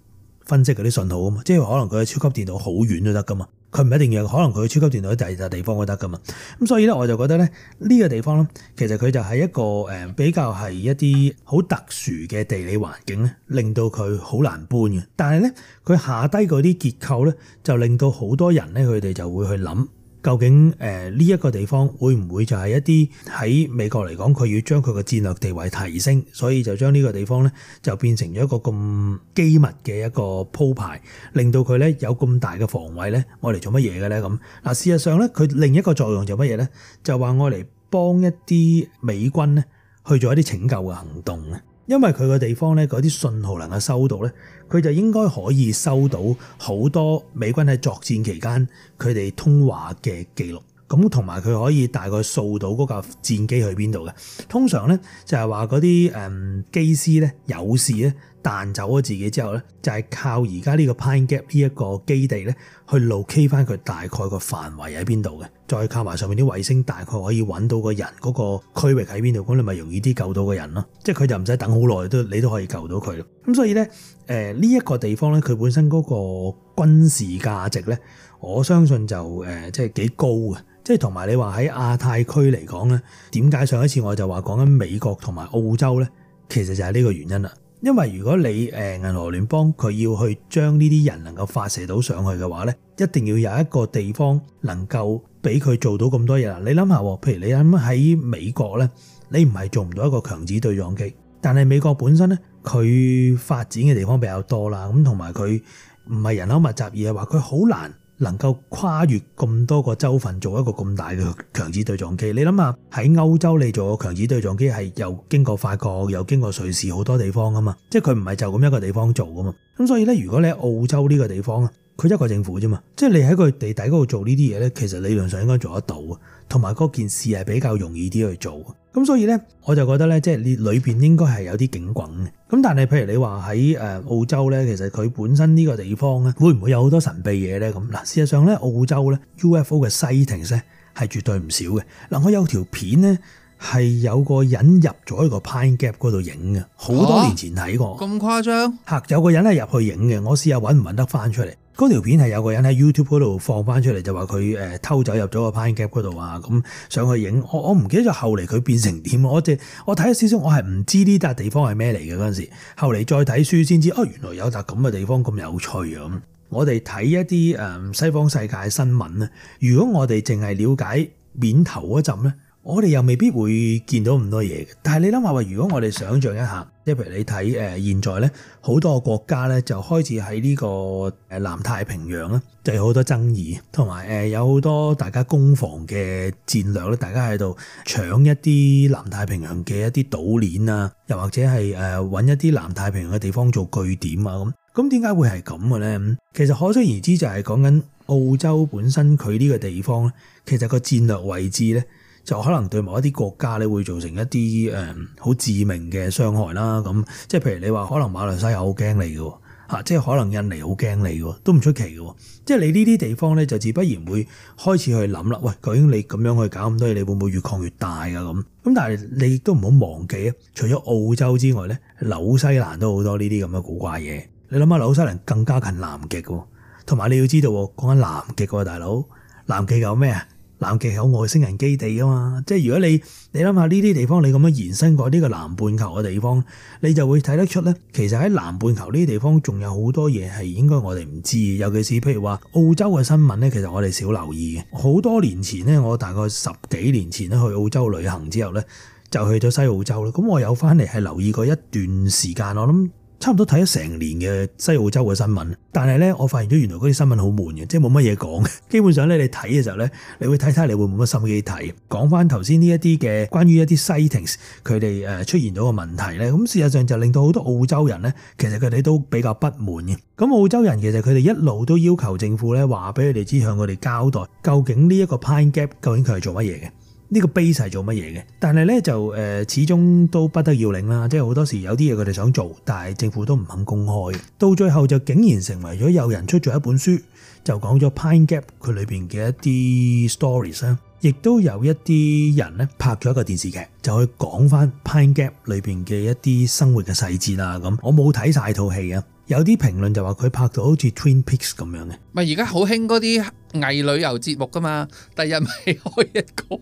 分析嗰啲信號啊嘛，即係可能佢嘅超級電腦好遠都得噶嘛，佢唔一定要，可能佢嘅超級電腦喺第二笪地方都得噶嘛。咁所以咧，我就覺得咧，呢個地方咧，其實佢就係一個誒比較係一啲好特殊嘅地理環境咧，令到佢好難搬嘅。但係咧，佢下低嗰啲結構咧，就令到好多人咧，佢哋就會去諗。究竟誒呢一個地方會唔會就係一啲喺美國嚟講，佢要將佢嘅戰略地位提升，所以就將呢個地方咧就變成咗一個咁機密嘅一個鋪排，令到佢咧有咁大嘅防衛咧，我嚟做乜嘢嘅咧咁？嗱，事實上咧，佢另一個作用就乜嘢咧？就話我嚟幫一啲美軍咧去做一啲拯救嘅行動咧。因為佢個地方咧，嗰啲信號能夠收到咧，佢就應該可以收到好多美軍喺作戰期間佢哋通話嘅記錄。咁同埋佢可以大概掃到嗰架戰機去邊度嘅。通常呢，就係話嗰啲誒機師呢有事呢彈走咗自己之後呢就係靠而家呢個 Pine Gap 呢一個基地呢去 locate 翻佢大概個範圍喺邊度嘅。再靠埋上面啲衛星大概可以揾到個人嗰個區域喺邊度，咁你咪容易啲救到個人咯。即係佢就唔使等好耐都你都可以救到佢咯。咁所以呢，呃、呢一個地方呢，佢本身嗰個軍事價值呢，我相信就、呃、即係幾高嘅。即係同埋你話喺亞太區嚟講咧，點解上一次我就話講緊美國同埋澳洲咧，其實就係呢個原因啦。因為如果你誒銀河聯邦佢要去將呢啲人能夠發射到上去嘅話咧，一定要有一個地方能夠俾佢做到咁多嘢啦。你諗下，譬如你諗喺美國咧，你唔係做唔到一個強子對撞機，但係美國本身咧，佢發展嘅地方比較多啦，咁同埋佢唔係人口密集而係話佢好難。能夠跨越咁多個州份做一個咁大嘅強子對撞機，你諗下喺歐洲你做個強子對撞機係又經過法國，又經過瑞士好多地方噶嘛，即係佢唔係就咁一個地方做噶嘛。咁所以呢，如果你喺澳洲呢個地方啊，佢一個政府啫嘛，即係你喺佢地底嗰度做呢啲嘢呢，其實理論上應該做得到，同埋嗰件事係比較容易啲去做。咁所以咧，我就覺得咧，即係你裏邊應該係有啲警棍嘅。咁但係，譬如你話喺誒澳洲咧，其實佢本身呢個地方咧，會唔會有好多神秘嘢咧？咁嗱，事實上咧，澳洲咧 UFO 嘅 sightings 咧係絕對唔少嘅。嗱，我有條片咧係有個人入咗喺個 pine gap 嗰度影嘅，好多年前睇過。咁誇張嚇？有個人係入去影嘅，我試下揾唔揾得翻出嚟。嗰條片係有個人喺 YouTube 嗰度放翻出嚟，就話佢誒偷走入咗個 Pine Gap 嗰度啊，咁上去影。我我唔記得咗後嚟佢變成點。我即係我睇咗少少，我係唔知呢笪地方係咩嚟嘅嗰陣時。後嚟再睇書先知，哦、啊，原來有笪咁嘅地方咁有趣啊！咁我哋睇一啲誒西方世界新聞咧，如果我哋淨係了解面頭嗰陣咧。我哋又未必會見到咁多嘢嘅，但係你諗下話，如果我哋想像一下，即係譬如你睇誒現在咧，好多個國家咧就開始喺呢個誒南太平洋啊，就有好多爭議，同埋誒有好多大家攻防嘅戰略咧，大家喺度搶一啲南太平洋嘅一啲島鏈啊，又或者係誒揾一啲南太平洋嘅地方做據點啊咁。咁點解會係咁嘅咧？其實可想而知，就係講緊澳洲本身佢呢個地方咧，其實個戰略位置咧。就可能對某一啲國家你會造成一啲誒好致命嘅傷害啦，咁即係譬如你話可能馬來西亞好驚你嘅喎，吓，即係可能印尼好驚你嘅喎，都唔出奇嘅喎，即係你呢啲地方咧就自不然會開始去諗啦，喂，究竟你咁樣去搞咁多嘢，你會唔會越擴越大㗎？」咁？咁但係你亦都唔好忘記啊，除咗澳洲之外咧，紐西蘭都好多呢啲咁嘅古怪嘢。你諗下紐西蘭更加近南極喎，同埋你要知道講緊南極嗰大佬，南極有咩啊？南極有外星人基地吖嘛？即係如果你你諗下呢啲地方，你咁樣延伸過呢個南半球嘅地方，你就會睇得出咧。其實喺南半球呢啲地方，仲有好多嘢係應該我哋唔知。尤其是譬如話澳洲嘅新聞咧，其實我哋少留意嘅。好多年前咧，我大概十幾年前咧去澳洲旅行之後咧，就去咗西澳洲啦。咁我有翻嚟係留意過一段時間，我諗。差唔多睇咗成年嘅西澳洲嘅新聞，但係咧，我發現咗原來嗰啲新聞好悶嘅，即係冇乜嘢講。基本上咧，你睇嘅時候咧，你會睇睇你會冇乜心機睇。講翻頭先呢一啲嘅關於一啲 sightings，佢哋誒出現到嘅問題咧，咁事實上就令到好多澳洲人咧，其實佢哋都比較不滿嘅。咁澳洲人其實佢哋一路都要求政府咧話俾佢哋知，向佢哋交代究竟呢一個 Pine Gap 究竟佢係做乜嘢嘅？呢個 base 係做乜嘢嘅？但係呢就、呃、始終都不得要領啦。即係好多時有啲嘢佢哋想做，但係政府都唔肯公開。到最後就竟然成為咗有人出咗一本書，就講咗 Pine Gap 佢裏面嘅一啲 stories 啦。亦都有一啲人呢拍咗一個電視劇，就去講翻 Pine Gap 裏面嘅一啲生活嘅細節啦。咁我冇睇晒套戲啊。有啲評論就話佢拍到好似 Twin Peaks 咁樣嘅。咪而家好興嗰啲偽旅遊節目㗎嘛？第日咪開一個。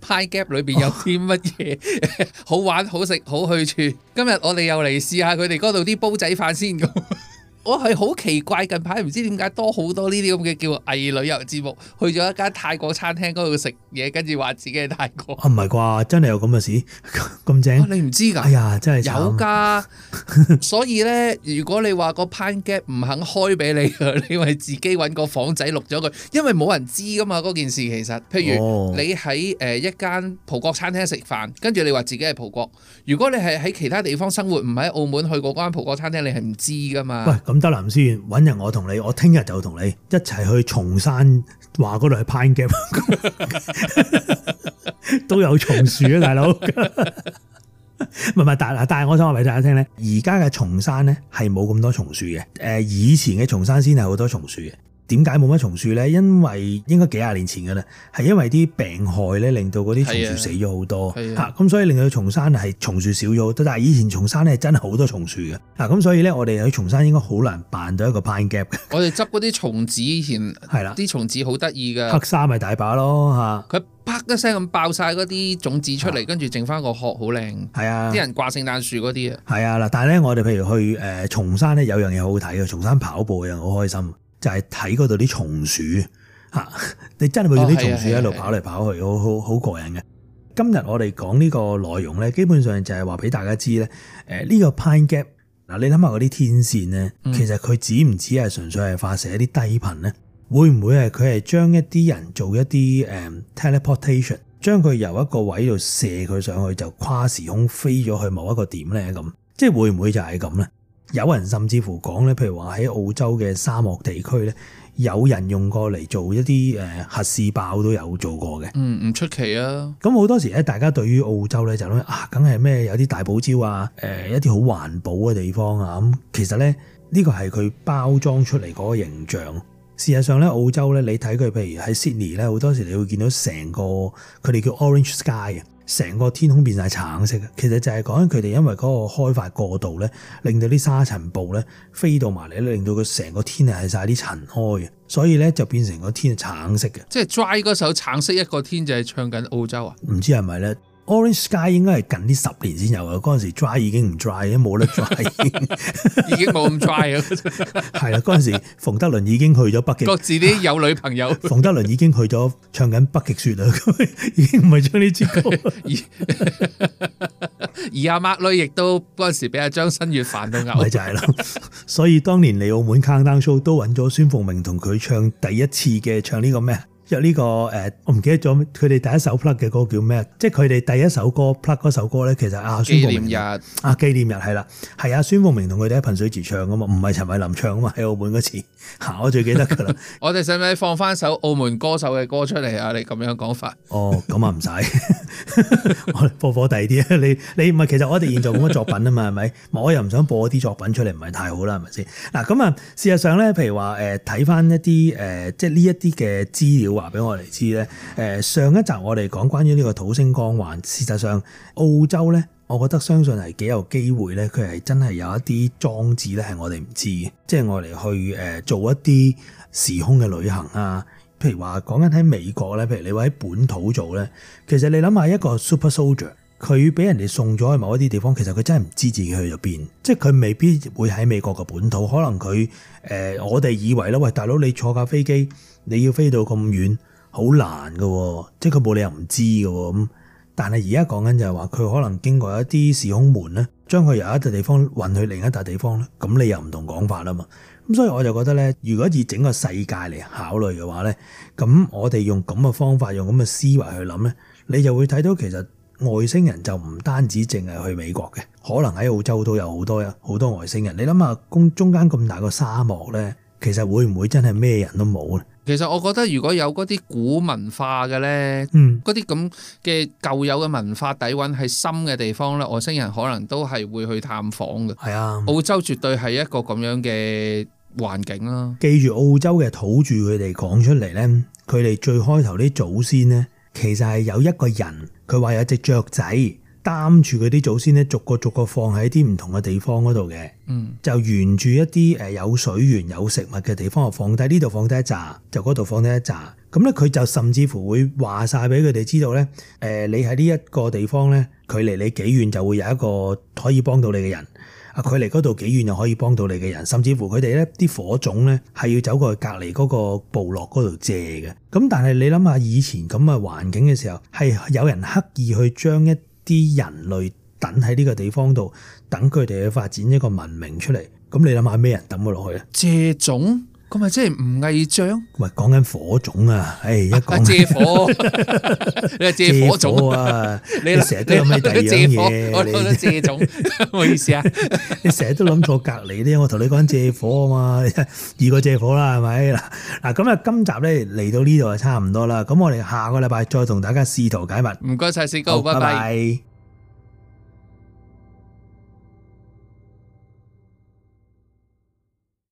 Pine Gap 裏邊有啲乜嘢好玩、好食、好去處？今日我哋又嚟試下佢哋嗰度啲煲仔飯先咁。我係好奇怪，近排唔知點解多好多呢啲咁嘅叫偽旅遊節目，去咗一間泰國餐廳嗰度食嘢，跟住話自己係泰國。啊，唔係啩？真係有咁嘅事咁 正？啊、你唔知㗎？哎呀，真係有㗎的。 所以呢，如果你話個 Pine Gap 唔肯開俾你，你咪自己揾個房仔錄咗佢，因為冇人知㗎嘛嗰件事。其實，譬如你喺誒一間葡國餐廳食飯，跟住你話自己係葡國。如果你係喺其他地方生活，唔喺澳門去過嗰間葡國餐廳，你係唔知㗎嘛。咁德林思遠揾日我同你，我聽日就同你一齊去松山話嗰度去 Pine Gap 都有松樹啊，大佬。唔係唔係，但係我想話俾大家聽呢，而家嘅松山呢係冇咁多松樹嘅，誒、呃，以前嘅松山先係好多松樹嘅。點解冇乜松樹咧？因為應該幾廿年前噶啦，係因為啲病害咧，令到嗰啲松樹死咗好多吓，咁、啊、所以令到松山係松樹少咗好多。但係以前松山咧真係好多松樹嘅，嗱、啊、咁所以咧，我哋去松山應該好難辦到一個 Pine Gap。我哋執嗰啲松子，以前係啦，啲松子好得意噶，黑沙咪大把咯吓。佢啪一聲咁爆晒嗰啲種子出嚟，跟住剩翻個殼好靚。係啊，啲人掛聖誕樹嗰啲啊。係啊，嗱，但係咧，我哋譬如去誒、呃、松山咧，有樣嘢好好睇嘅，松山跑步嘅人好開心。就係睇嗰度啲松鼠嚇、啊，你真係會見啲松鼠喺度跑嚟跑去，好好好過癮嘅。今日我哋講呢個內容呢，基本上就係話俾大家知呢，誒、這、呢個 Pine Gap 嗱，你諗下嗰啲天線呢，其實佢只唔止係純粹係發射一啲低頻呢，嗯、會唔會係佢係將一啲人做一啲誒 teleportation，將佢由一個位度射佢上去，就跨時空飛咗去某一個點呢？咁即係會唔會就係咁呢？有人甚至乎講咧，譬如話喺澳洲嘅沙漠地區咧，有人用過嚟做一啲、呃、核試爆都有做過嘅。嗯，唔出奇啊。咁好多時咧，大家對於澳洲咧就諗啊，梗係咩有啲大堡礁啊，呃、一啲好環保嘅地方啊。咁、嗯、其實咧，呢個係佢包裝出嚟嗰個形象。事實上咧，澳洲咧，你睇佢譬如喺 Sydney 咧，好多時你會見到成個佢哋叫 Orange Sky。成個天空變晒橙色嘅，其實就係講緊佢哋因為嗰個開發過度咧，令到啲沙塵暴咧飛到埋嚟咧，令到佢成個天係晒啲塵埃嘅，所以咧就變成個天係橙色嘅。即係 Dry 嗰首橙色一個天就係唱緊澳洲啊？唔知係咪咧？Orange Sky 應該係近呢十年先有嘅，嗰陣時 dry 已經唔 dry 嘅，冇得 dry， 已經冇咁 dry 啊 係啦，嗰陣時馮德倫已經去咗北極，各自啲有女朋友。馮、啊、德倫已經去咗唱緊《北極雪了》啊， 已經唔係唱呢支歌 而。 而阿 Mark 女亦都嗰陣時俾阿、啊、張新月煩到嘔，咪 就係咯。所以當年嚟澳門 Countdown Show 都揾咗孫鳳明同佢唱第一次嘅唱呢個咩？有、這、呢個誒，我唔記得咗。佢哋第一首 plug 嘅歌叫咩？即係佢哋第一首歌 plug 嗰首歌咧，其實阿孫鳳明啊，紀念日係啦，係啊，孫鳳、啊、明同佢哋喺噴水池唱噶嘛，唔係陳慧琳唱啊嘛，喺澳門嗰次嚇，我最記得㗎啦。 我哋使唔使放翻首澳門歌手嘅歌出嚟啊？你咁樣講法？ 哦，咁啊唔使， 我播播第二啲啊。你你唔係其實我哋現在咁嘅作品啊嘛，係咪？我又唔想播啲作品出嚟，唔係太好啦，係咪先？嗱咁啊，事實上咧，譬如話誒，睇翻一啲誒、呃，即係呢一啲嘅資料。話俾我哋知咧，誒，上一集我哋講關於呢個土星光環，事實上澳洲咧，我覺得相信係幾有機會咧，佢係真係有一啲裝置咧，係我哋唔知嘅，即係我哋去誒做一啲時空嘅旅行啊。譬如話講緊喺美國咧，譬如你會喺本土做咧，其實你諗下一個 Super Soldier，佢俾人哋送咗去某一啲地方，其實佢真係唔知自己去咗邊，即係佢未必會喺美國嘅本土，可能佢誒、呃，我哋以為咧，喂，大佬你坐架飛機。你要飛到咁遠，好難喎。即係佢冇理由唔知㗎咁。但係而家講緊就係話，佢可能經過一啲時空門咧，將佢由一笪地方運去另一笪地方咧。咁你又唔同講法啦嘛。咁所以我就覺得咧，如果以整個世界嚟考慮嘅話咧，咁我哋用咁嘅方法，用咁嘅思維去諗咧，你就會睇到其實外星人就唔單止淨係去美國嘅，可能喺澳洲都有好多呀，好多外星人。你諗下，公中間咁大個沙漠咧，其實會唔會真係咩人都冇咧？其實我覺得如果有嗰啲古文化嘅咧，嗰啲咁嘅舊有嘅文化底蘊係深嘅地方咧，外星人可能都係會去探訪嘅。係啊，澳洲絕對係一個咁樣嘅環境啦。記住澳洲嘅土著佢哋講出嚟咧，佢哋最開頭啲祖先咧，其實係有一個人，佢話有隻雀仔。擔住佢啲祖先咧，逐個逐個放喺啲唔同嘅地方嗰度嘅，嗯，就沿住一啲誒有水源、有食物嘅地方放低，呢度放低一紮，就嗰度放低一紮。咁咧佢就甚至乎會話晒俾佢哋知道咧，誒你喺呢一個地方咧，距離你幾遠就會有一個可以幫到你嘅人啊，距離嗰度幾遠就可以幫到你嘅人，甚至乎佢哋咧啲火種咧係要走過去隔離嗰個部落嗰度借嘅。咁但係你諗下以前咁嘅環境嘅時候，係有人刻意去將一啲人類等喺呢個地方度，等佢哋去發展一個文明出嚟。咁你諗下咩人等佢落去啊？借種。咁咪即係唔偽裝？喂，講緊火種啊！唉，一講借火， 你係借火種火啊！你成日都有咩第二樣嘢？覺得借種，唔 好意思啊！ 你成日都諗錯隔籬咧，我同你講借火啊嘛，二個借火啦，係咪？嗱嗱，咁啊，今集咧嚟到呢度就差唔多啦。咁我哋下個禮拜再同大家試圖解密。唔該晒，薛高，拜拜。Bye bye bye bye